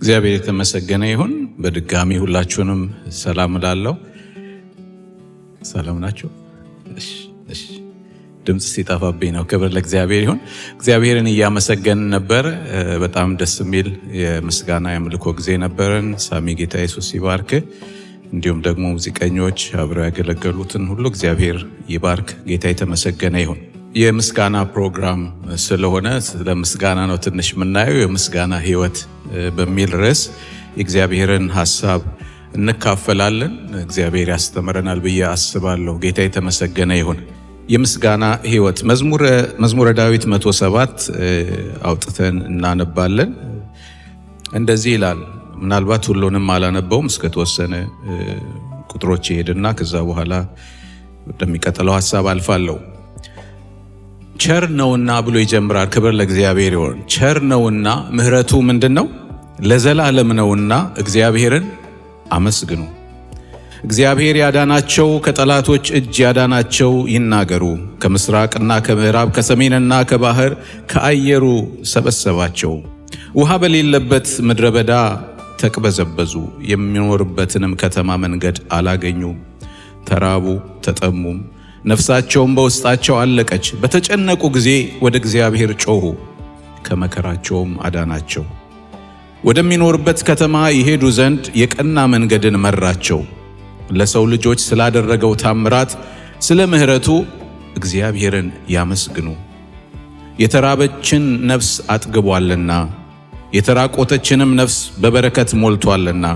እግዚአብሔር የተመሰገነ ይሁን። በድጋሚ ሁላችሁንም ሰላም እላለሁ። ሰላም ናቸው። ድምፅ ሲጠፋብኝ ነው። ክብር ለእግዚአብሔር ይሁን። እግዚአብሔርን እያመሰገን ነበር። በጣም ደስ የሚል የምስጋና የምልኮ ጊዜ ነበረን። ሳሚ ጌታ ኢየሱስ ይባርክ። እንዲሁም ደግሞ ሙዚቀኞች አብረው ያገለገሉትን ሁሉ እግዚአብሔር ይባርክ። ጌታ የተመሰገነ ይሁን። የምስጋና ፕሮግራም ስለሆነ ስለ ምስጋና ነው ትንሽ የምናየው። የምስጋና ህይወት በሚል ርዕስ የእግዚአብሔርን ሀሳብ እንካፈላለን። እግዚአብሔር ያስተምረናል ብዬ አስባለሁ። ጌታ የተመሰገነ ይሁን። የምስጋና ህይወት መዝሙረ ዳዊት ሰባት አውጥተን እናነባለን። እንደዚህ ይላል። ምናልባት ሁሉንም አላነበውም። እስከተወሰነ ቁጥሮች ይሄድና ከዛ በኋላ ወደሚቀጥለው ሀሳብ አልፋለሁ። ቸር ነውና ብሎ ይጀምራል። ክብር ለእግዚአብሔር ይሆን። ቸር ነውና ምሕረቱ ምንድን ነው? ለዘላለም ነውና እግዚአብሔርን አመስግኑ። እግዚአብሔር ያዳናቸው ከጠላቶች እጅ ያዳናቸው ይናገሩ። ከምስራቅና ከምዕራብ ከሰሜንና ከባህር ከአየሩ ሰበሰባቸው። ውሃ በሌለበት ምድረ በዳ ተቅበዘበዙ። የሚኖርበትንም ከተማ መንገድ አላገኙም። ተራቡ፣ ተጠሙም ነፍሳቸውም በውስጣቸው አለቀች። በተጨነቁ ጊዜ ወደ እግዚአብሔር ጮኹ፣ ከመከራቸውም አዳናቸው። ወደሚኖርበት ከተማ ይሄዱ ዘንድ የቀና መንገድን መራቸው። ለሰው ልጆች ስላደረገው ታምራት፣ ስለ ምሕረቱ እግዚአብሔርን ያመስግኑ። የተራበችን ነፍስ አጥግቧልና የተራቆተችንም ነፍስ በበረከት ሞልቷልና።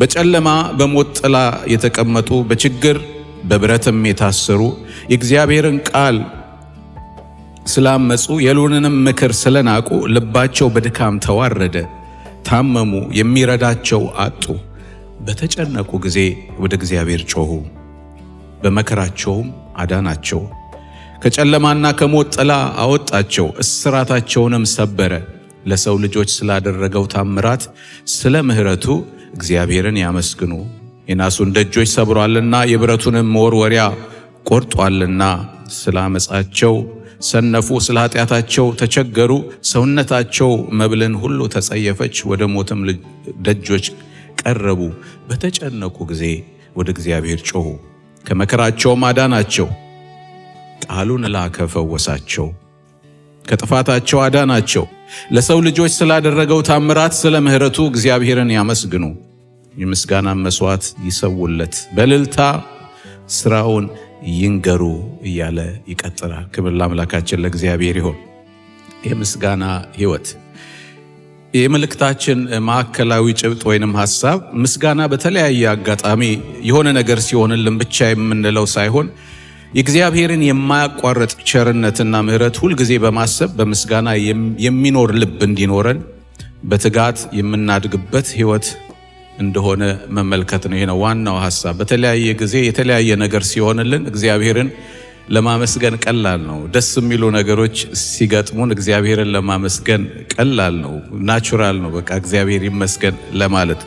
በጨለማ በሞት ጥላ የተቀመጡ በችግር በብረትም የታሰሩ የእግዚአብሔርን ቃል ስላመፁ የሉንንም ምክር ስለናቁ ልባቸው በድካም ተዋረደ፣ ታመሙ፣ የሚረዳቸው አጡ። በተጨነቁ ጊዜ ወደ እግዚአብሔር ጮኹ፣ በመከራቸውም አዳናቸው። ከጨለማና ከሞት ጥላ አወጣቸው፣ እስራታቸውንም ሰበረ። ለሰው ልጆች ስላደረገው ታምራት ስለ ምሕረቱ እግዚአብሔርን ያመስግኑ። የናሱን ደጆች ሰብሯልና የብረቱንም መወርወሪያ ቆርጧልና ስለ ሰነፉ፣ ስለ ኃጢአታቸው ተቸገሩ። ሰውነታቸው መብልን ሁሉ ተጸየፈች፣ ወደ ሞትም ደጆች ቀረቡ። በተጨነቁ ጊዜ ወደ እግዚአብሔር ጮኹ፣ ከመከራቸውም አዳናቸው። ቃሉን ላከ ፈወሳቸው፣ ከጥፋታቸው አዳናቸው። ለሰው ልጆች ስላደረገው ታምራት ስለ ምሕረቱ እግዚአብሔርን ያመስግኑ። የምስጋና መስዋዕት ይሰውለት፣ በልልታ ስራውን ይንገሩ እያለ ይቀጥላል። ክብር ለአምላካችን ለእግዚአብሔር ይሆን። የምስጋና ህይወት የመልእክታችን ማዕከላዊ ጭብጥ ወይንም ሀሳብ ምስጋና በተለያየ አጋጣሚ የሆነ ነገር ሲሆንልን ብቻ የምንለው ሳይሆን የእግዚአብሔርን የማያቋርጥ ቸርነትና ምሕረት ሁልጊዜ በማሰብ በምስጋና የሚኖር ልብ እንዲኖረን በትጋት የምናድግበት ህይወት እንደሆነ መመልከት ነው። ይሄ ነው ዋናው ሀሳብ። በተለያየ ጊዜ የተለያየ ነገር ሲሆንልን እግዚአብሔርን ለማመስገን ቀላል ነው። ደስ የሚሉ ነገሮች ሲገጥሙን እግዚአብሔርን ለማመስገን ቀላል ነው፣ ናቹራል ነው። በቃ እግዚአብሔር ይመስገን ለማለት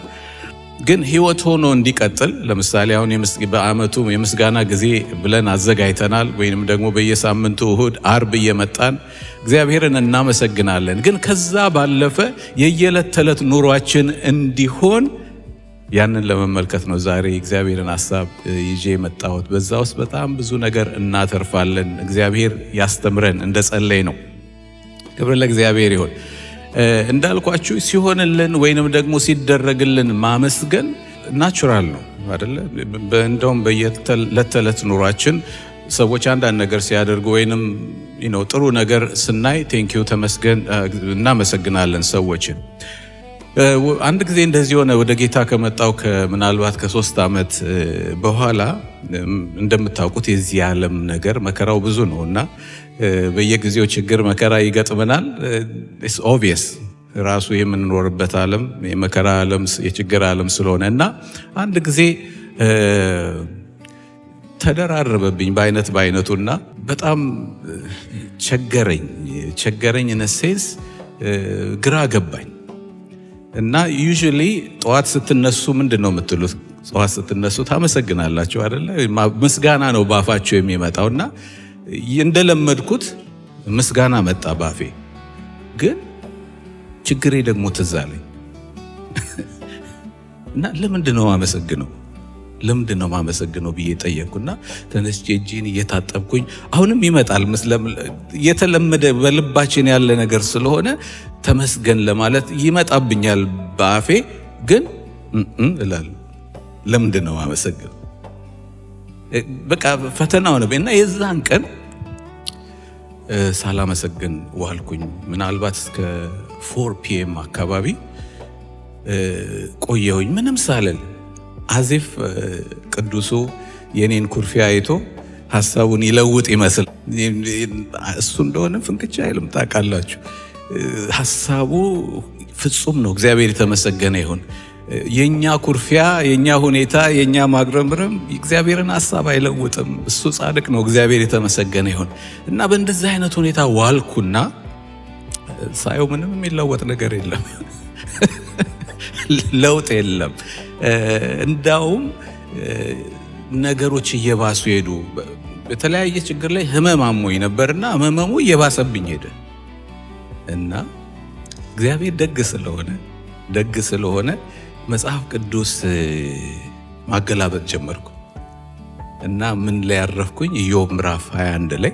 ግን ህይወት ሆኖ እንዲቀጥል ለምሳሌ አሁን በአመቱ የምስጋና ጊዜ ብለን አዘጋጅተናል፣ ወይም ደግሞ በየሳምንቱ እሁድ፣ አርብ እየመጣን እግዚአብሔርን እናመሰግናለን። ግን ከዛ ባለፈ የየዕለት ተዕለት ኑሯችን እንዲሆን ያንን ለመመልከት ነው ዛሬ እግዚአብሔርን ሀሳብ ይዤ የመጣሁት። በዛ ውስጥ በጣም ብዙ ነገር እናተርፋለን። እግዚአብሔር ያስተምረን እንደ ጸለይ ነው። ክብር ለእግዚአብሔር ይሁን። እንዳልኳችሁ ሲሆንልን ወይንም ደግሞ ሲደረግልን ማመስገን ናቹራል ነው አደለ? እንደውም በየዕለት ተዕለት ኑሯችን ሰዎች አንዳንድ ነገር ሲያደርጉ ወይንም ጥሩ ነገር ስናይ ቴንኪዩ ተመስገን እናመሰግናለን ሰዎችን አንድ ጊዜ እንደዚህ የሆነ ወደ ጌታ ከመጣው ምናልባት ከሶስት ዓመት በኋላ እንደምታውቁት የዚህ ዓለም ነገር መከራው ብዙ ነው እና በየጊዜው ችግር መከራ ይገጥመናል። ኢትስ ኦብቪየስ ራሱ የምንኖርበት ዓለም የመከራ ዓለም የችግር ዓለም ስለሆነ እና አንድ ጊዜ ተደራረበብኝ በአይነት እና በጣም ቸገረኝ ቸገረኝ ነሴዝ ግራ ገባኝ እና ዩዥሊ ጠዋት ስትነሱ ምንድን ነው የምትሉት? ጠዋት ስትነሱ ታመሰግናላችሁ አደለ? ምስጋና ነው ባፋችሁ የሚመጣው። እና እንደለመድኩት ምስጋና መጣ ባፌ። ግን ችግሬ ደግሞ ትዝ አለኝ እና ለምንድን ነው አመሰግነው ለምንድን ነው ማመሰግነው ብዬ ጠየቅኩና ተነስቼ እጄን እየታጠብኩኝ አሁንም ይመጣል። የተለመደ በልባችን ያለ ነገር ስለሆነ ተመስገን ለማለት ይመጣብኛል በአፌ ግን እላለሁ። ለምንድን ነው ማመሰግነው? በቃ ፈተናው ነው እና የዛን ቀን ሳላመሰግን ዋልኩኝ። ምናልባት እስከ ፎር ፒኤም አካባቢ ቆየሁኝ ምንም ሳለል አዚፍ ቅዱሱ የኔን ኩርፊያ አይቶ ሀሳቡን ይለውጥ ይመስል እሱ እንደሆነ ፍንክቻ አይልም። ታውቃላችሁ፣ ሀሳቡ ፍጹም ነው። እግዚአብሔር የተመሰገነ ይሁን። የእኛ ኩርፊያ፣ የእኛ ሁኔታ፣ የእኛ ማግረምርም እግዚአብሔርን ሀሳብ አይለውጥም። እሱ ጻድቅ ነው። እግዚአብሔር የተመሰገነ ይሁን እና በእንደዚህ አይነት ሁኔታ ዋልኩና ሳየው ምንም የሚለወጥ ነገር የለም፣ ለውጥ የለም። እንዳውም ነገሮች እየባሱ ሄዱ። በተለያየ ችግር ላይ ህመም አሞኝ ነበርና ህመሙ እየባሰብኝ ሄደ እና እግዚአብሔር ደግ ስለሆነ ደግ ስለሆነ መጽሐፍ ቅዱስ ማገላበጥ ጀመርኩ እና ምን ላይ ያረፍኩኝ? ኢዮብ ምዕራፍ 21 ላይ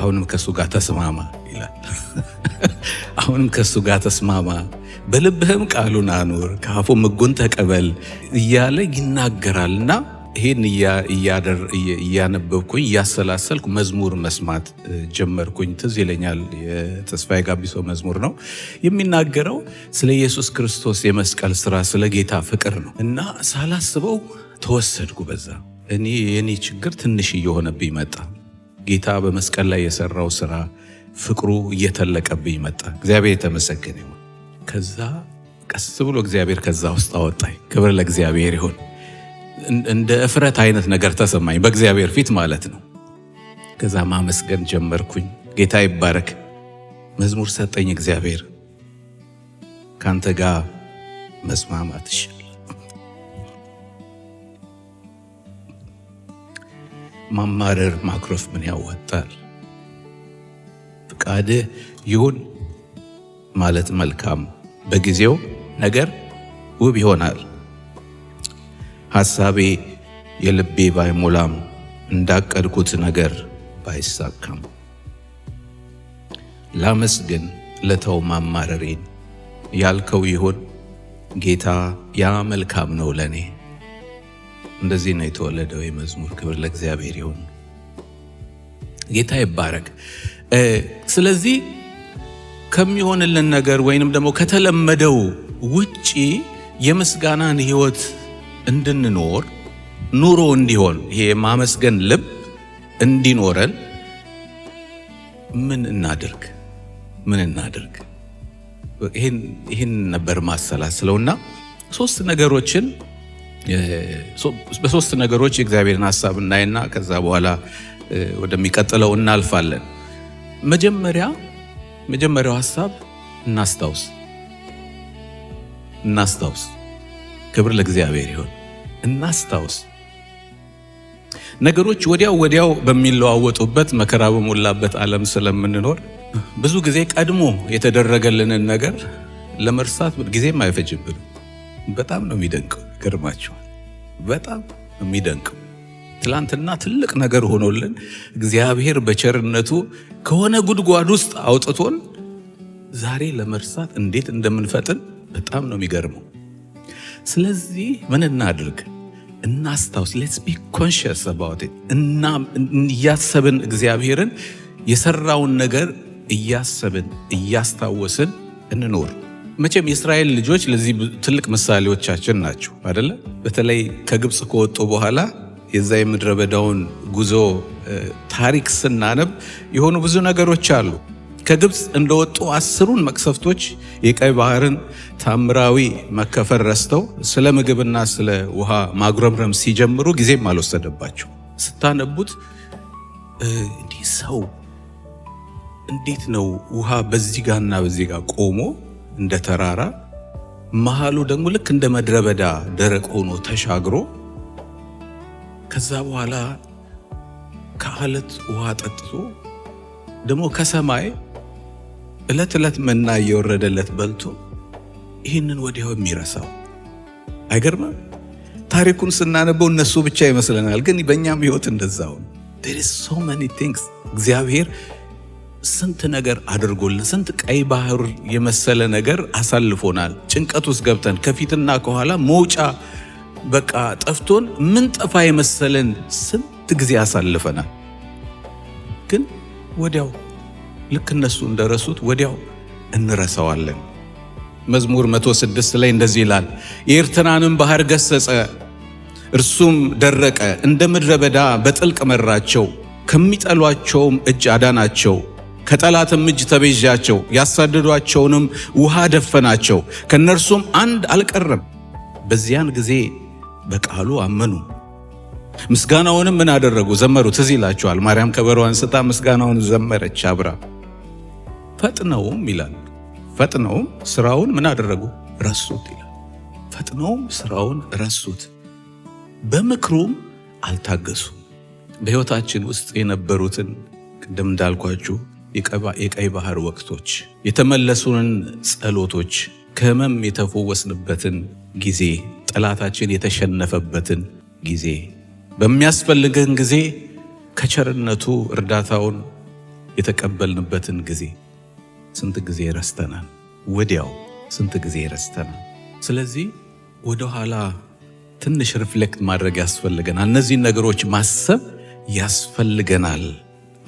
አሁንም ከእሱ ጋር ተስማማ ይላል። አሁንም ከእሱ ጋር ተስማማ በልብህም ቃሉን አኑር ከአፉ ምጉን ተቀበል እያለ ይናገራል ይናገራልና ይህን እያነበብኩኝ እያሰላሰልኩ መዝሙር መስማት ጀመርኩኝ። ትዝ ይለኛል የተስፋዬ ጋቢሶ መዝሙር ነው የሚናገረው ስለ ኢየሱስ ክርስቶስ የመስቀል ስራ፣ ስለ ጌታ ፍቅር ነው እና ሳላስበው ተወሰድኩ በዛ። እኔ የእኔ ችግር ትንሽ እየሆነብኝ መጣ። ጌታ በመስቀል ላይ የሰራው ስራ ፍቅሩ እየተለቀብኝ መጣ። እግዚአብሔር የተመሰገነ ከዛ ቀስ ብሎ እግዚአብሔር ከዛ ውስጥ አወጣኝ። ክብር ለእግዚአብሔር ይሁን። እንደ እፍረት አይነት ነገር ተሰማኝ በእግዚአብሔር ፊት ማለት ነው። ከዛ ማመስገን ጀመርኩኝ። ጌታ ይባረክ። መዝሙር ሰጠኝ እግዚአብሔር። ከአንተ ጋር ይሻላል። ማማረር ማክሮፍ ምን ያዋጣል? ፍቃድህ ይሁን ማለት መልካም በጊዜው ነገር ውብ ይሆናል። ሐሳቤ የልቤ ባይሞላም እንዳቀድኩት ነገር ባይሳካም ላመስግን ለተው ማማረሬን ያልከው ይሁን ጌታ ያ መልካም ነው ለእኔ። እንደዚህ ነው የተወለደው የመዝሙር ክብር ለእግዚአብሔር ይሁን። ጌታ ይባረክ። ስለዚህ ከሚሆንልን ነገር ወይንም ደግሞ ከተለመደው ውጪ የምስጋናን ህይወት እንድንኖር ኑሮ እንዲሆን ይሄ የማመስገን ልብ እንዲኖረን ምን እናድርግ? ምን እናድርግ? ይህን ነበር ማሰላስለውና ሶስት ነገሮችን በሶስት ነገሮች የእግዚአብሔርን ሀሳብ እናይና ከዛ በኋላ ወደሚቀጥለው እናልፋለን። መጀመሪያ መጀመሪያው ሀሳብ እናስታውስ እናስታውስ። ክብር ለእግዚአብሔር ይሁን። እናስታውስ። ነገሮች ወዲያው ወዲያው በሚለዋወጡበት መከራ በሞላበት ዓለም ስለምንኖር ብዙ ጊዜ ቀድሞ የተደረገልንን ነገር ለመርሳት ጊዜም አይፈጅብንም። በጣም ነው የሚደንቀው። ይገርማችኋል። በጣም የሚደንቀው ትላንትና ትልቅ ነገር ሆኖልን እግዚአብሔር በቸርነቱ ከሆነ ጉድጓድ ውስጥ አውጥቶን ዛሬ ለመርሳት እንዴት እንደምንፈጥን በጣም ነው የሚገርመው። ስለዚህ ምን እናድርግ? እናስታውስ። ሌትስ ቢ ኮንሽስ አባውት እና እያሰብን እግዚአብሔርን የሰራውን ነገር እያሰብን እያስታወስን እንኖር። መቼም የእስራኤል ልጆች ለዚህ ትልቅ ምሳሌዎቻችን ናቸው አደለ? በተለይ ከግብፅ ከወጡ በኋላ የዛ የምድረ በዳውን ጉዞ ታሪክ ስናነብ የሆኑ ብዙ ነገሮች አሉ። ከግብፅ እንደወጡ አስሩን መቅሰፍቶች የቀይ ባህርን ታምራዊ መከፈል ረስተው ስለ ምግብና ስለ ውሃ ማጉረምረም ሲጀምሩ ጊዜም አልወሰደባቸው። ስታነቡት እንዲህ ሰው እንዴት ነው ውሃ በዚህ ጋና በዚህ ጋር ቆሞ እንደ ተራራ መሃሉ ደግሞ ልክ እንደ ምድረ በዳ ደረቅ ሆኖ ተሻግሮ ከዛ በኋላ ከአለት ውሃ ጠጥቶ ደግሞ ከሰማይ እለት እለት መና እየወረደለት በልቶ ይህንን ወዲያው የሚረሳው አይገርምም? ታሪኩን ስናነበው እነሱ ብቻ ይመስለናል፣ ግን በእኛም ህይወት እንደዛው ሶ መኒ ቲንግስ እግዚአብሔር ስንት ነገር አድርጎልን ስንት ቀይ ባህር የመሰለ ነገር አሳልፎናል። ጭንቀት ውስጥ ገብተን ከፊትና ከኋላ መውጫ በቃ ጠፍቶን ምን ጠፋ የመሰለን ስንት ጊዜ አሳልፈናል። ግን ወዲያው ልክ እነሱ እንደረሱት ወዲያው እንረሳዋለን። መዝሙር 106 ላይ እንደዚህ ይላል፣ የኤርትራንም ባህር ገሰጸ፣ እርሱም ደረቀ፣ እንደ ምድረ በዳ በጥልቅ መራቸው፣ ከሚጠሏቸውም እጅ አዳናቸው። ከጠላትም እጅ ተቤዣቸው፣ ያሳደዷቸውንም ውሃ ደፈናቸው፣ ከእነርሱም አንድ አልቀረም። በዚያን ጊዜ በቃሉ አመኑ። ምስጋናውንም ምን አደረጉ? ዘመሩ። ትዝ ይላችኋል። ማርያም ከበሮ አንስታ ምስጋናውን ዘመረች አብራ። ፈጥነውም ይላል ፈጥነውም ስራውን ምን አደረጉ? ረሱት ይላል። ፈጥነውም ስራውን ረሱት፣ በምክሩም አልታገሱም። በሕይወታችን ውስጥ የነበሩትን ቅድም እንዳልኳችሁ የቀይ ባህር ወቅቶች የተመለሱንን ጸሎቶች ከህመም የተፈወስንበትን ጊዜ ጠላታችን የተሸነፈበትን ጊዜ በሚያስፈልገን ጊዜ ከቸርነቱ እርዳታውን የተቀበልንበትን ጊዜ ስንት ጊዜ ረስተናል? ወዲያው ስንት ጊዜ ረስተናል? ስለዚህ ወደ ኋላ ትንሽ ሪፍሌክት ማድረግ ያስፈልገናል። እነዚህን ነገሮች ማሰብ ያስፈልገናል።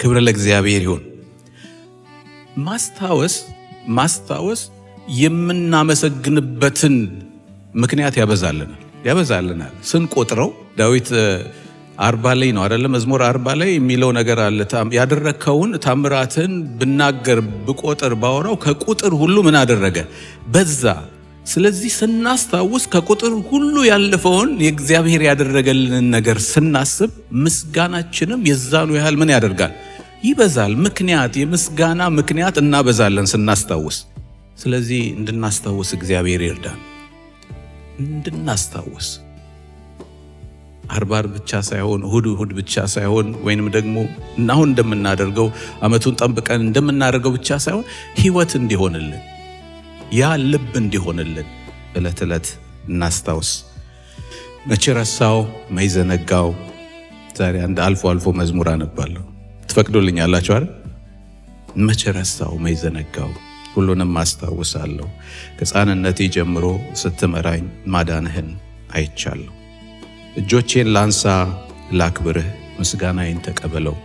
ክብር ለእግዚአብሔር ይሁን። ማስታወስ ማስታወስ የምናመሰግንበትን ምክንያት ያበዛልናል ያበዛልናል ስንቆጥረው ዳዊት አርባ ላይ ነው አደለ መዝሙር አርባ ላይ የሚለው ነገር አለ ያደረግከውን ታምራትን ብናገር ብቆጥር ባወራው ከቁጥር ሁሉ ምን አደረገ በዛ ስለዚህ ስናስታውስ ከቁጥር ሁሉ ያለፈውን የእግዚአብሔር ያደረገልንን ነገር ስናስብ ምስጋናችንም የዛኑ ያህል ምን ያደርጋል ይበዛል ምክንያት የምስጋና ምክንያት እናበዛለን ስናስታውስ ስለዚህ እንድናስታውስ እግዚአብሔር ይርዳል እንድናስታውስ አርባር ብቻ ሳይሆን እሁድ እሁድ ብቻ ሳይሆን ወይንም ደግሞ እናሁን እንደምናደርገው ዓመቱን ጠብቀን እንደምናደርገው ብቻ ሳይሆን ሕይወት እንዲሆንልን ያ ልብ እንዲሆንልን ዕለት ዕለት እናስታውስ። መቼ ረሳው መይዘነጋው። ዛሬ አንድ አልፎ አልፎ መዝሙር አነባለሁ፣ ትፈቅዶልኛላችሁ አይደል? መቼ ረሳው መይዘነጋው ሁሉንም አስታውሳለሁ። ከሕፃንነቴ ጀምሮ ስትመራኝ ማዳንህን አይቻለሁ። እጆቼን ላንሳ ላክብርህ፣ ምስጋናዬን ተቀበለው።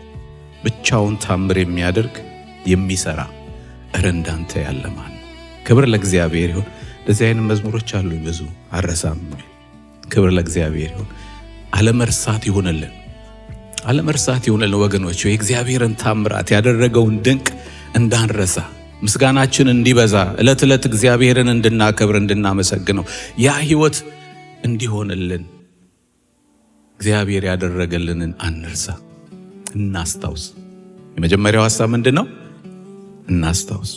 ብቻውን ታምር የሚያደርግ የሚሰራ እረ እንዳንተ ያለ ማን? ክብር ለእግዚአብሔር ይሁን። እንደዚህ አይነት መዝሙሮች አሉ ብዙ አረሳም። ክብር ለእግዚአብሔር ይሁን። አለመርሳት ይሁንልን፣ አለመርሳት ይሁንልን ወገኖች፣ የእግዚአብሔርን ታምራት ያደረገውን ድንቅ እንዳንረሳ ምስጋናችን እንዲበዛ ዕለት ዕለት እግዚአብሔርን እንድናከብር እንድናመሰግነው ያ ሕይወት እንዲሆንልን እግዚአብሔር ያደረገልንን አንርሳ፣ እናስታውስ። የመጀመሪያው ሀሳብ ምንድን ነው? እናስታውስ።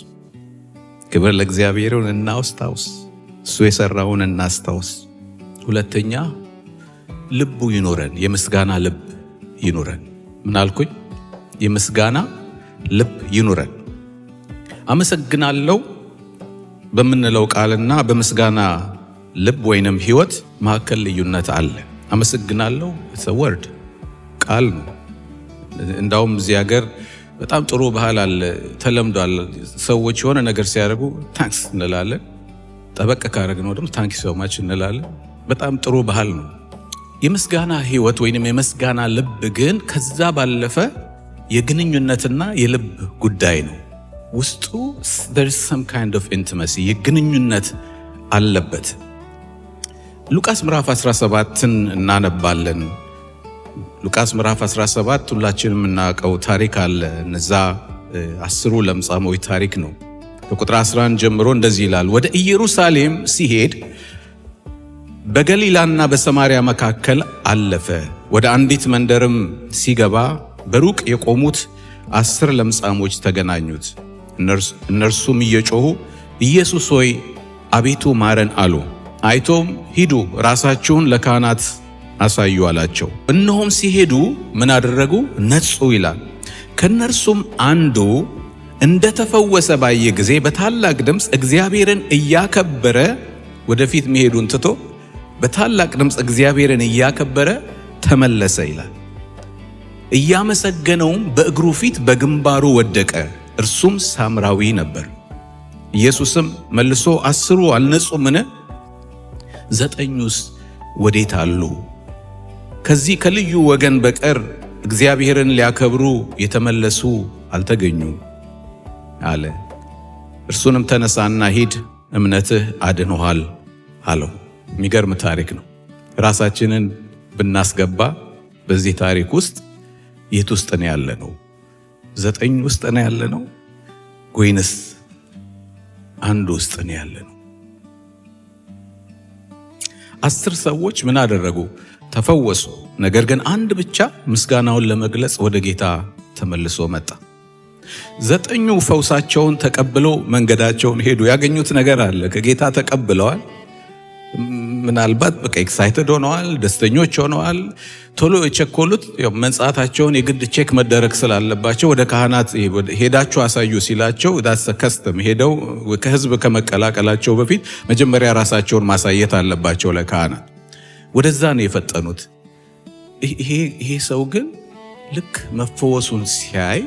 ክብር ለእግዚአብሔርን እናስታውስ፣ እሱ የሰራውን እናስታውስ። ሁለተኛ ልቡ ይኖረን፣ የምስጋና ልብ ይኑረን። ምን አልኩኝ? የምስጋና ልብ ይኑረን። አመሰግናለሁ በምንለው ቃልና በምስጋና ልብ ወይንም ህይወት መካከል ልዩነት አለ። አመሰግናለሁ ወርድ ቃል ነው። እንዳውም እዚህ ሀገር በጣም ጥሩ ባህል አለ፣ ተለምዷል። ሰዎች የሆነ ነገር ሲያደርጉ ታንክስ እንላለን። ጠበቅ ነው ደግሞ ታንክ ሰማች እንላለን። በጣም ጥሩ ባህል ነው። የምስጋና ህይወት ወይንም የምስጋና ልብ ግን ከዛ ባለፈ የግንኙነትና የልብ ጉዳይ ነው። ውስጡ ሰም ካይንድ ኦፍ ኢንቲመሲ የግንኙነት አለበት። ሉቃስ ምዕራፍ 17ን እናነባለን። ሉቃስ ምዕራፍ 17 ሁላችንም የምናውቀው ታሪክ አለ። እነዛ አስሩ ለምጻሞች ታሪክ ነው። ከቁጥር 11 ጀምሮ እንደዚህ ይላል። ወደ ኢየሩሳሌም ሲሄድ በገሊላና በሰማሪያ መካከል አለፈ። ወደ አንዲት መንደርም ሲገባ በሩቅ የቆሙት አስር ለምጻሞች ተገናኙት። እነርሱም እየጮኹ ኢየሱስ ሆይ አቤቱ ማረን አሉ። አይቶም ሂዱ ራሳችሁን ለካህናት አሳዩ አላቸው። እነሆም ሲሄዱ ምን አደረጉ? ነጹ ይላል። ከእነርሱም አንዱ እንደተፈወሰ ባየ ጊዜ በታላቅ ድምፅ እግዚአብሔርን እያከበረ ወደፊት መሄዱን ትቶ በታላቅ ድምፅ እግዚአብሔርን እያከበረ ተመለሰ ይላል። እያመሰገነውም በእግሩ ፊት በግንባሩ ወደቀ። እርሱም ሳምራዊ ነበር። ኢየሱስም መልሶ አስሩ አልነጹምን? ዘጠኙስ ወዴት አሉ? ከዚህ ከልዩ ወገን በቀር እግዚአብሔርን ሊያከብሩ የተመለሱ አልተገኙ አለ። እርሱንም ተነሳና ሂድ፣ እምነትህ አድኖሃል አለው። የሚገርም ታሪክ ነው። ራሳችንን ብናስገባ በዚህ ታሪክ ውስጥ የት ውስጥ ነው ያለ ነው? ዘጠኝ ውስጥ ነው ያለ ነው ወይንስ አንድ ውስጥ ነው ያለ ነው? አስር ሰዎች ምን አደረጉ? ተፈወሱ። ነገር ግን አንድ ብቻ ምስጋናውን ለመግለጽ ወደ ጌታ ተመልሶ መጣ። ዘጠኙ ፈውሳቸውን ተቀብለው መንገዳቸውን ሄዱ። ያገኙት ነገር አለ። ከጌታ ተቀብለዋል። ምናልባት በቃ ኤክሳይትድ ሆነዋል፣ ደስተኞች ሆነዋል። ቶሎ የቸኮሉት መንጻታቸውን የግድ ቼክ መደረግ ስላለባቸው ወደ ካህናት ሄዳችሁ አሳዩ ሲላቸው ዳሰ ከስተም ሄደው ከህዝብ ከመቀላቀላቸው በፊት መጀመሪያ ራሳቸውን ማሳየት አለባቸው ለካህናት። ወደዛ ነው የፈጠኑት። ይሄ ሰው ግን ልክ መፈወሱን ሲያይ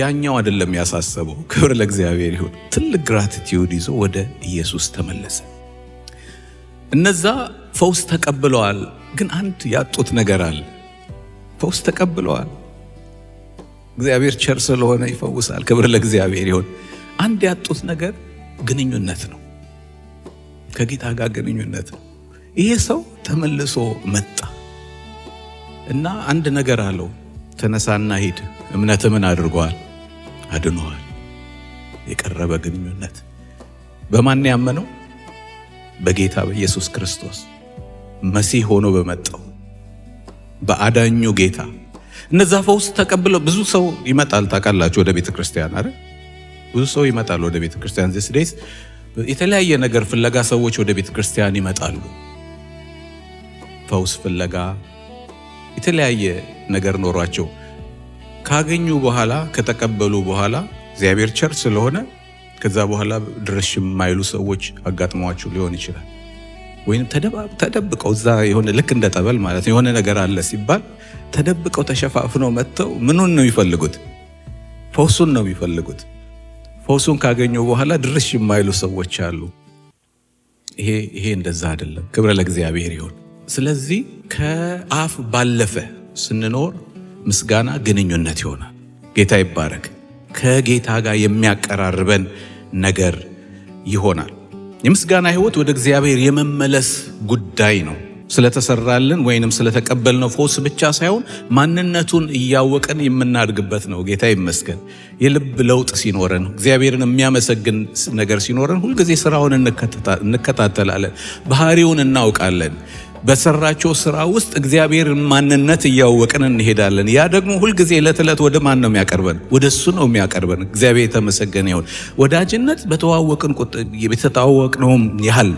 ያኛው አይደለም ያሳሰበው። ክብር ለእግዚአብሔር ይሁን። ትልቅ ግራቲቲዩድ ይዞ ወደ ኢየሱስ ተመለሰ። እነዛ ፈውስ ተቀብለዋል፣ ግን አንድ ያጡት ነገር አለ። ፈውስ ተቀብለዋል። እግዚአብሔር ቸር ስለሆነ ይፈውሳል። ክብር ለእግዚአብሔር ይሁን። አንድ ያጡት ነገር ግንኙነት ነው፣ ከጌታ ጋር ግንኙነት ነው። ይሄ ሰው ተመልሶ መጣ እና አንድ ነገር አለው፣ ተነሳና ሂድ። እምነት ምን አድርጓል? አድኖዋል። የቀረበ ግንኙነት በማን ያመነው? በጌታ በኢየሱስ ክርስቶስ መሲህ ሆኖ በመጣው በአዳኙ ጌታ እነዛ ፈውስ ተቀብለው ብዙ ሰው ይመጣል። ታውቃላችሁ፣ ወደ ቤተ ክርስቲያን አይደል? ብዙ ሰው ይመጣል ወደ ቤተ ክርስቲያን ዚስ ዴይስ። የተለያየ ነገር ፍለጋ ሰዎች ወደ ቤተ ክርስቲያን ይመጣሉ። ፈውስ ፍለጋ የተለያየ ነገር ኖሯቸው ካገኙ በኋላ ከተቀበሉ በኋላ እግዚአብሔር ቸር ስለሆነ ከዛ በኋላ ድረሽ የማይሉ ሰዎች አጋጥመዋችሁ ሊሆን ይችላል። ወይም ተደብቀው እዛ የሆነ ልክ እንደ ጠበል ማለት ነው የሆነ ነገር አለ ሲባል ተደብቀው ተሸፋፍነው መጥተው ምኑን ነው የሚፈልጉት? ፈውሱን ነው የሚፈልጉት። ፈውሱን ካገኙ በኋላ ድርሽ የማይሉ ሰዎች አሉ። ይሄ እንደዛ አይደለም። ክብረ ለእግዚአብሔር ይሆን። ስለዚህ ከአፍ ባለፈ ስንኖር ምስጋና ግንኙነት ይሆናል። ጌታ ይባረክ። ከጌታ ጋር የሚያቀራርበን ነገር ይሆናል። የምስጋና ህይወት ወደ እግዚአብሔር የመመለስ ጉዳይ ነው። ስለተሰራልን ወይንም ስለተቀበልነው ፎስ ብቻ ሳይሆን ማንነቱን እያወቀን የምናድግበት ነው። ጌታ ይመስገን። የልብ ለውጥ ሲኖረን፣ እግዚአብሔርን የሚያመሰግን ነገር ሲኖረን፣ ሁልጊዜ ስራውን እንከታተላለን፣ ባህሪውን እናውቃለን። በሰራቸው ስራ ውስጥ እግዚአብሔር ማንነት እያወቅን እንሄዳለን። ያ ደግሞ ሁልጊዜ ዕለት ዕለት ወደ ማን ነው የሚያቀርበን? ወደ እሱ ነው የሚያቀርበን። እግዚአብሔር የተመሰገነ ይሁን። ወዳጅነት በተዋወቅን የተታወቅነውም ያህል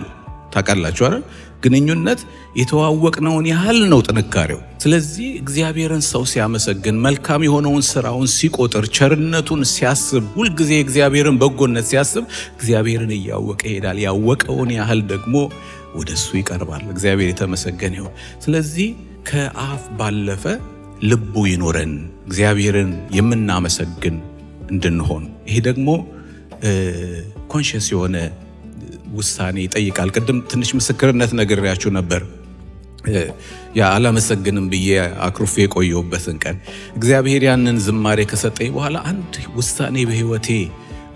ታውቃላችሁ አይደል? ግንኙነት የተዋወቅነውን ያህል ነው ጥንካሬው። ስለዚህ እግዚአብሔርን ሰው ሲያመሰግን መልካም የሆነውን ስራውን ሲቆጥር፣ ቸርነቱን ሲያስብ፣ ሁልጊዜ እግዚአብሔርን በጎነት ሲያስብ እግዚአብሔርን እያወቀ ይሄዳል። ያወቀውን ያህል ደግሞ ወደ እሱ ይቀርባል። እግዚአብሔር የተመሰገነ ይሁን። ስለዚህ ከአፍ ባለፈ ልቡ ይኖረን እግዚአብሔርን የምናመሰግን እንድንሆን ይሄ ደግሞ ኮንሽስ የሆነ ውሳኔ ይጠይቃል። ቅድም ትንሽ ምስክርነት ነግሬያችሁ ነበር። ያ አላመሰግንም ብዬ አክሩፌ የቆየሁበትን ቀን እግዚአብሔር ያንን ዝማሬ ከሰጠኝ በኋላ አንድ ውሳኔ በህይወቴ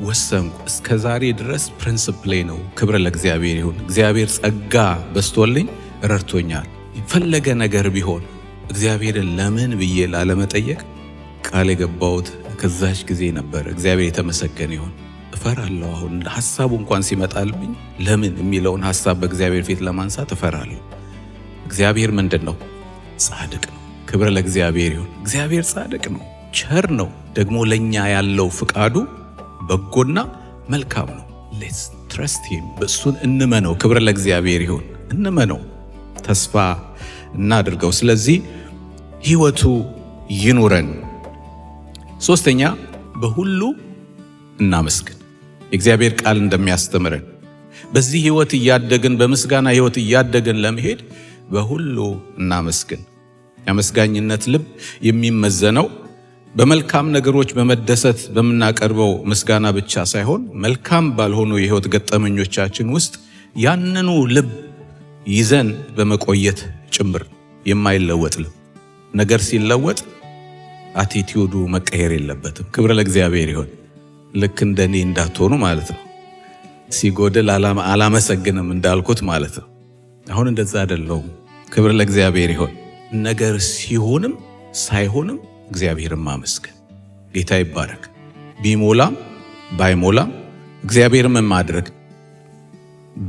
ወሰንኩ። እስከ ዛሬ ድረስ ፕሪንስፕሌ ነው። ክብር ለእግዚአብሔር ይሁን። እግዚአብሔር ጸጋ በስቶልኝ ረድቶኛል። ፈለገ ነገር ቢሆን እግዚአብሔርን ለምን ብዬ ላለመጠየቅ ቃል የገባሁት ከዛች ጊዜ ነበር። እግዚአብሔር የተመሰገነ ይሁን። እፈራለሁ። አሁን ሀሳቡ እንኳን ሲመጣልብኝ ለምን የሚለውን ሀሳብ በእግዚአብሔር ፊት ለማንሳት እፈራለሁ። እግዚአብሔር ምንድን ነው? ጻድቅ ነው። ክብር ለእግዚአብሔር ይሁን። እግዚአብሔር ጻድቅ ነው፣ ቸር ነው። ደግሞ ለእኛ ያለው ፍቃዱ በጎና መልካም ነው። ሌትስ ትረስት ሂም፣ እሱን እንመነው። ክብር ለእግዚአብሔር ይሁን። እንመነው፣ ተስፋ እናድርገው። ስለዚህ ህይወቱ ይኑረን። ሶስተኛ በሁሉ እናመስግን። የእግዚአብሔር ቃል እንደሚያስተምረን በዚህ ህይወት እያደግን በምስጋና ህይወት እያደግን ለመሄድ በሁሉ እናመስግን። የአመስጋኝነት ልብ የሚመዘነው በመልካም ነገሮች በመደሰት በምናቀርበው ምስጋና ብቻ ሳይሆን መልካም ባልሆኑ የህይወት ገጠመኞቻችን ውስጥ ያንኑ ልብ ይዘን በመቆየት ጭምር የማይለወጥ ልብ። ነገር ሲለወጥ አቲቲዩዱ መቀየር የለበትም። ክብር ለእግዚአብሔር ይሆን። ልክ እንደኔ እንዳትሆኑ ማለት ነው። ሲጎድል አላመሰግንም እንዳልኩት ማለት ነው። አሁን እንደዛ አይደለውም ክብር ለእግዚአብሔር ይሆን። ነገር ሲሆንም ሳይሆንም እግዚአብሔርን ማመስገን ጌታ ይባረክ። ቢሞላም ባይሞላም እግዚአብሔር ምን ማድረግ፣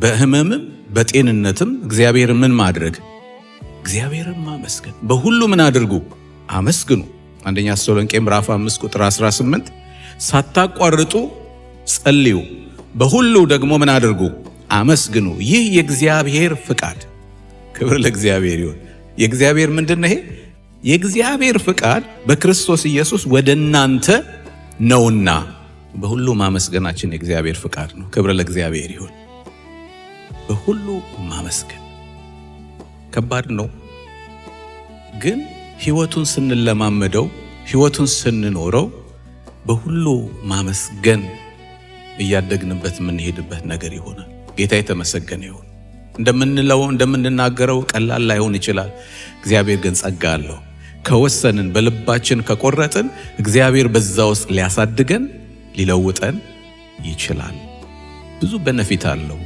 በህመምም በጤንነትም እግዚአብሔር ምን ማድረግ፣ እግዚአብሔርን ማመስገን። በሁሉ ምን አድርጉ፣ አመስግኑ። አንደኛ ተሰሎንቄ ምዕራፍ 5 ቁጥር 18 ሳታቋርጡ ጸልዩ፣ በሁሉ ደግሞ ምን አድርጉ? አመስግኑ፣ ይህ የእግዚአብሔር ፍቃድ። ክብር ለእግዚአብሔር ይሁን። የእግዚአብሔር ምንድን ነው ይሄ? የእግዚአብሔር ፍቃድ በክርስቶስ ኢየሱስ ወደ እናንተ ነውና በሁሉ ማመስገናችን የእግዚአብሔር ፍቃድ ነው። ክብር ለእግዚአብሔር ይሁን። በሁሉ ማመስገን ከባድ ነው፣ ግን ህይወቱን ስንለማመደው ህይወቱን ስንኖረው በሁሉ ማመስገን እያደግንበት የምንሄድበት ነገር ይሆናል። ጌታ የተመሰገነ ይሁን። እንደምንለው እንደምንናገረው ቀላል ላይሆን ይችላል። እግዚአብሔር ግን ጸጋ አለው። ከወሰንን በልባችን ከቆረጥን እግዚአብሔር በዛ ውስጥ ሊያሳድገን ሊለውጠን ይችላል። ብዙ በነፊት አለው።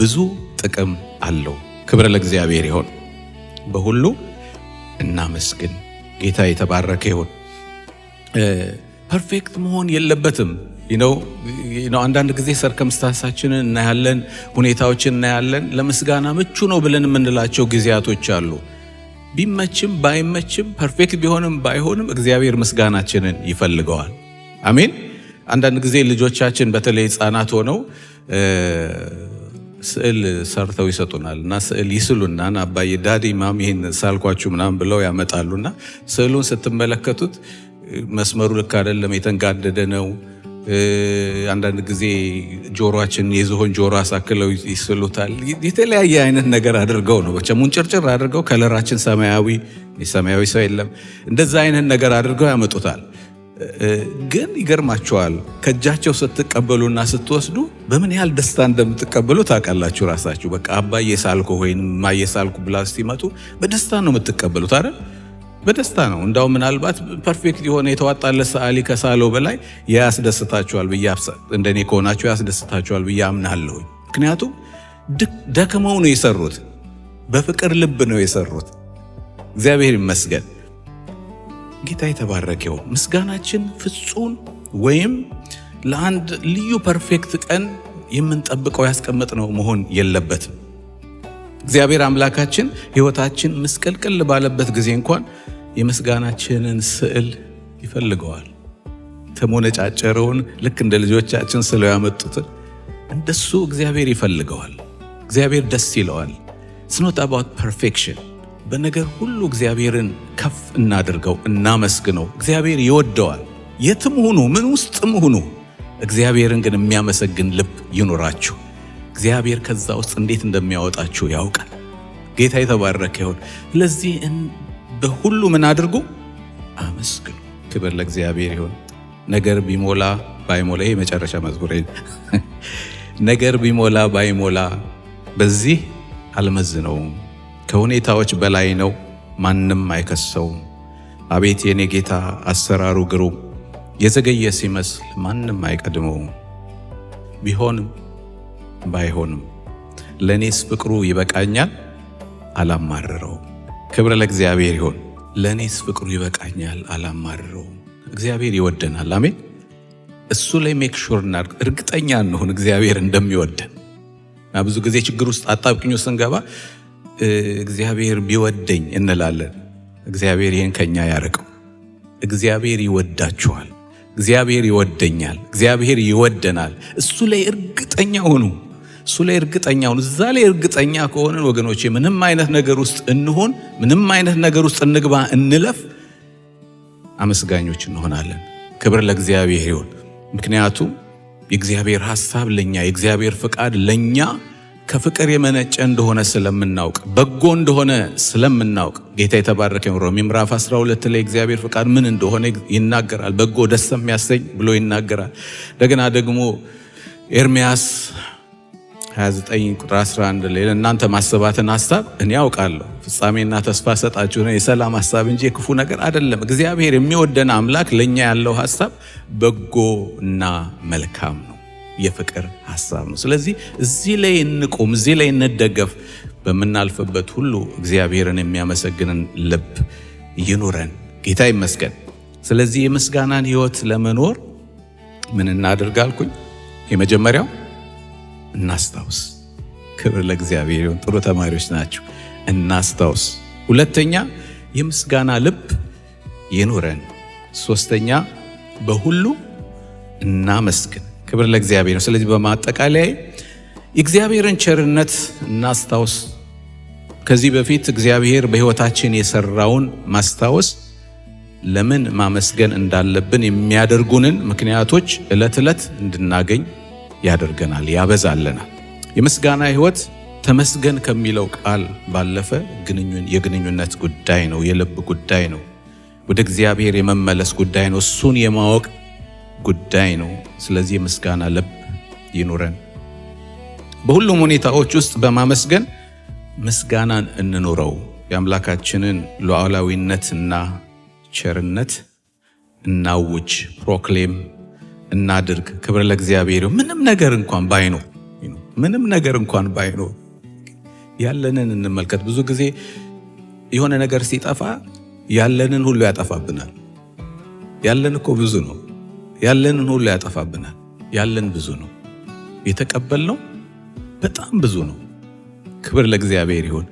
ብዙ ጥቅም አለው። ክብረ ለእግዚአብሔር ይሆን። በሁሉ እናመስግን። ጌታ የተባረከ ይሆን። ፐርፌክት መሆን የለበትም። አንዳንድ ጊዜ ሰርከምስታንሳችንን እናያለን፣ ሁኔታዎችን እናያለን። ለምስጋና ምቹ ነው ብለን የምንላቸው ጊዜያቶች አሉ። ቢመችም ባይመችም ፐርፌክት ቢሆንም ባይሆንም እግዚአብሔር ምስጋናችንን ይፈልገዋል። አሜን። አንዳንድ ጊዜ ልጆቻችን በተለይ ህፃናት ሆነው ስዕል ሰርተው ይሰጡናል እና ስዕል ይስሉና አባዬ ዳዲ ማም ይህን ሳልኳችሁ ምናምን ብለው ያመጣሉና ስዕሉን ስትመለከቱት መስመሩ ልክ አይደለም፣ የተንጋደደ ነው። አንዳንድ ጊዜ ጆሮችን የዝሆን ጆሮ አሳክለው ይስሉታል። የተለያየ አይነት ነገር አድርገው ነው ብቻ ሙንጭርጭር አድርገው ከለራችን ሰማያዊ ሰማያዊ ሰው የለም እንደዛ አይነት ነገር አድርገው ያመጡታል። ግን ይገርማቸዋል። ከእጃቸው ስትቀበሉና ስትወስዱ በምን ያህል ደስታ እንደምትቀበሉ ታውቃላችሁ ራሳችሁ። በቃ አባ የሳልኩ ወይም ማዬ ብላ ሲመጡ በደስታ ነው የምትቀበሉት አይደል? በደስታ ነው። እንዳው ምናልባት ፐርፌክት የሆነ የተዋጣለት ሰዓሊ ከሳለው በላይ ያስደስታችኋል ብዬ እንደኔ ከሆናችሁ ያስደስታችኋል ብዬ አምናለሁ። ምክንያቱም ደክመው ነው የሰሩት፣ በፍቅር ልብ ነው የሰሩት። እግዚአብሔር ይመስገን። ጌታ የተባረከው ምስጋናችን ፍጹም ወይም ለአንድ ልዩ ፐርፌክት ቀን የምንጠብቀው ያስቀምጥ ነው መሆን የለበትም። እግዚአብሔር አምላካችን ሕይወታችን ምስቀልቅል ባለበት ጊዜ እንኳን የምስጋናችንን ስዕል ይፈልገዋል። ተሞነጫጨረውን ልክ እንደ ልጆቻችን ስለው ያመጡትን እንደሱ እግዚአብሔር ይፈልገዋል። እግዚአብሔር ደስ ይለዋል። ስኖት አባት ፐርፌክሽን በነገር ሁሉ እግዚአብሔርን ከፍ እናድርገው፣ እናመስግነው። እግዚአብሔር ይወደዋል። የትም ሁኑ፣ ምን ውስጥም ሁኑ፣ እግዚአብሔርን ግን የሚያመሰግን ልብ ይኖራችሁ። እግዚአብሔር ከዛ ውስጥ እንዴት እንደሚያወጣችሁ ያውቃል። ጌታ የተባረከ ይሁን። ስለዚህ በሁሉ ምን አድርጉ አመስግኑ። ክብር ለእግዚአብሔር ይሁን። ነገር ቢሞላ ባይሞላ የመጨረሻ መዝሙሬ ነገር ቢሞላ ባይሞላ በዚህ አልመዝነውም። ከሁኔታዎች በላይ ነው፣ ማንም አይከሰውም። አቤት የኔ ጌታ አሰራሩ ግሩም፣ የዘገየ ሲመስል ማንም አይቀድመውም። ቢሆንም ባይሆንም ለእኔስ ፍቅሩ ይበቃኛል፣ አላማርረውም። ክብር ለእግዚአብሔር ይሆን። ለእኔስ ፍቅሩ ይበቃኛል አላማርረውም። እግዚአብሔር ይወደናል። አሜን። እሱ ላይ ሹር እናድርግ፣ እርግጠኛ እንሁን እግዚአብሔር እንደሚወደን እና ብዙ ጊዜ ችግር ውስጥ አጣብቅኞ ስንገባ እግዚአብሔር ቢወደኝ እንላለን። እግዚአብሔር ይህን ከኛ ያረቀው። እግዚአብሔር ይወዳችኋል። እግዚአብሔር ይወደኛል። እግዚአብሔር ይወደናል። እሱ ላይ እርግጠኛ ሁኑ። እሱ ላይ እርግጠኛ ሁን። እዛ ላይ እርግጠኛ ከሆነን ወገኖች፣ ምንም አይነት ነገር ውስጥ እንሆን፣ ምንም አይነት ነገር ውስጥ እንግባ፣ እንለፍ፣ አመስጋኞች እንሆናለን። ክብር ለእግዚአብሔር ይሁን። ምክንያቱም የእግዚአብሔር ሐሳብ ለኛ የእግዚአብሔር ፍቃድ ለኛ ከፍቅር የመነጨ እንደሆነ ስለምናውቅ በጎ እንደሆነ ስለምናውቅ ጌታ የተባረከ ሮሜ ምዕራፍ 12 ላይ እግዚአብሔር ፍቃድ ምን እንደሆነ ይናገራል። በጎ ደስ የሚያሰኝ ብሎ ይናገራል። እንደገና ደግሞ ኤርሚያስ 29 ቁጥር 11 ላይ ለእናንተ ማሰባትን ሀሳብ እኔ ያውቃለሁ ፍጻሜና ተስፋ ሰጣችሁ ነው የሰላም ሀሳብ እንጂ የክፉ ነገር አይደለም። እግዚአብሔር የሚወደን አምላክ ለእኛ ያለው ሀሳብ በጎና መልካም ነው፣ የፍቅር ሀሳብ ነው። ስለዚህ እዚህ ላይ እንቁም፣ እዚህ ላይ እንደገፍ። በምናልፍበት ሁሉ እግዚአብሔርን የሚያመሰግንን ልብ ይኑረን። ጌታ ይመስገን። ስለዚህ የምስጋናን ህይወት ለመኖር ምን እናደርጋልኩኝ? የመጀመሪያው እናስታውስ። ክብር ለእግዚአብሔር ይሁን። ጥሩ ተማሪዎች ናቸው። እናስታውስ። ሁለተኛ የምስጋና ልብ ይኑረን። ሶስተኛ በሁሉ እናመስግን። ክብር ለእግዚአብሔር ነው። ስለዚህ በማጠቃለያ የእግዚአብሔርን ቸርነት እናስታውስ። ከዚህ በፊት እግዚአብሔር በሕይወታችን የሰራውን ማስታወስ ለምን ማመስገን እንዳለብን የሚያደርጉንን ምክንያቶች ዕለት ዕለት እንድናገኝ ያደርገናል፣ ያበዛልናል። የምስጋና ህይወት ተመስገን ከሚለው ቃል ባለፈ የግንኙነት ጉዳይ ነው፣ የልብ ጉዳይ ነው፣ ወደ እግዚአብሔር የመመለስ ጉዳይ ነው፣ እሱን የማወቅ ጉዳይ ነው። ስለዚህ የምስጋና ልብ ይኑረን። በሁሉም ሁኔታዎች ውስጥ በማመስገን ምስጋናን እንኑረው። የአምላካችንን ሉዓላዊነትና ቸርነት እናውጅ፣ ፕሮክሌም እናድርግ። ክብር ለእግዚአብሔር። ምንም ነገር እንኳን ባይኖር ምንም ነገር እንኳን ባይኖር ያለንን እንመልከት። ብዙ ጊዜ የሆነ ነገር ሲጠፋ ያለንን ሁሉ ያጠፋብናል። ያለን እኮ ብዙ ነው። ያለንን ሁሉ ያጠፋብናል። ያለን ብዙ ነው። የተቀበልነው በጣም ብዙ ነው። ክብር ለእግዚአብሔር ይሁን።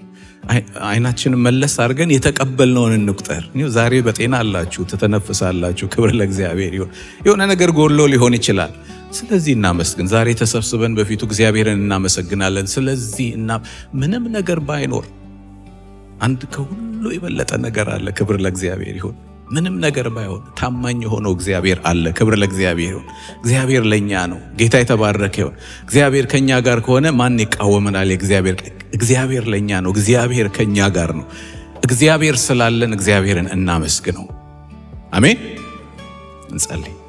አይናችን መለስ አድርገን የተቀበልነውን እንቁጠር። ዛሬ በጤና አላችሁ፣ ትተነፍሳላችሁ። ክብር ለእግዚአብሔር ይሁን። የሆነ ነገር ጎሎ ሊሆን ይችላል። ስለዚህ እናመስግን። ዛሬ ተሰብስበን በፊቱ እግዚአብሔርን እናመሰግናለን። ስለዚህ እና ምንም ነገር ባይኖር አንድ ከሁሉ የበለጠ ነገር አለ። ክብር ለእግዚአብሔር ይሁን። ምንም ነገር ባይሆን ታማኝ የሆነው እግዚአብሔር አለ። ክብር ለእግዚአብሔር ይሁን። እግዚአብሔር ለእኛ ነው። ጌታ የተባረከ ይሁን። እግዚአብሔር ከእኛ ጋር ከሆነ ማን ይቃወመናል? የእግዚአብሔር እግዚአብሔር ለእኛ ነው። እግዚአብሔር ከእኛ ጋር ነው። እግዚአብሔር ስላለን እግዚአብሔርን እናመስግነው። አሜን። እንጸልይ።